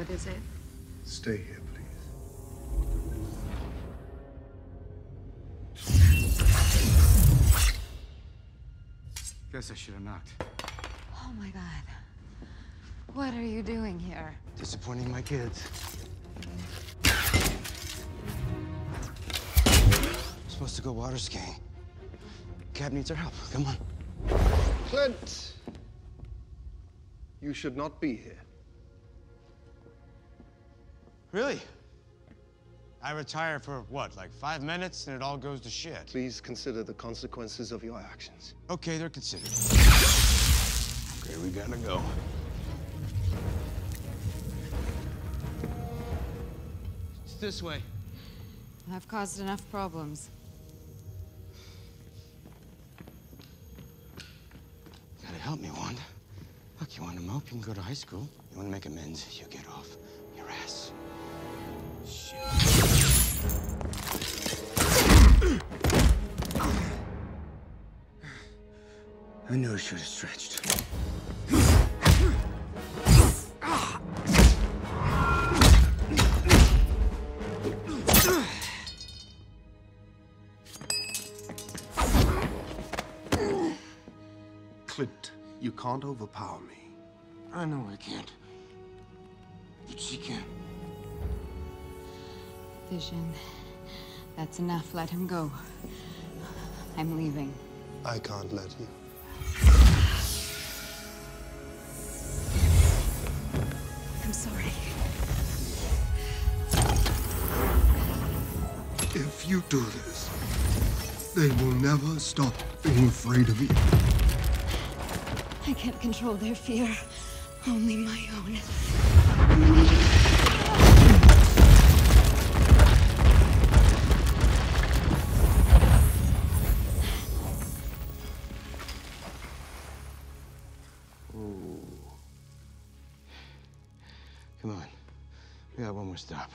What is it? Stay here, please. Guess I should have knocked. Oh my god. What are you doing here? Disappointing my kids. I'm supposed to go water skiing. Cab needs our help. Come on. Clint! You should not be here. Really? I retire for what, like five minutes and it all goes to shit? Please consider the consequences of your actions. Okay, they're considered. Okay, we gotta go. It's this way. I've caused enough problems. gotta help me, Wanda. Look, you wanna mope, you can go to high school. You wanna make amends, you get off your ass. I knew I should have stretched. Clint, you can't overpower me. I know I can't. But she can. That's enough. Let him go. I'm leaving. I can't let you. I'm sorry. If you do this, they will never stop being afraid of you. I can't control their fear. Only my own. Ooh. Come on. We got one more stop.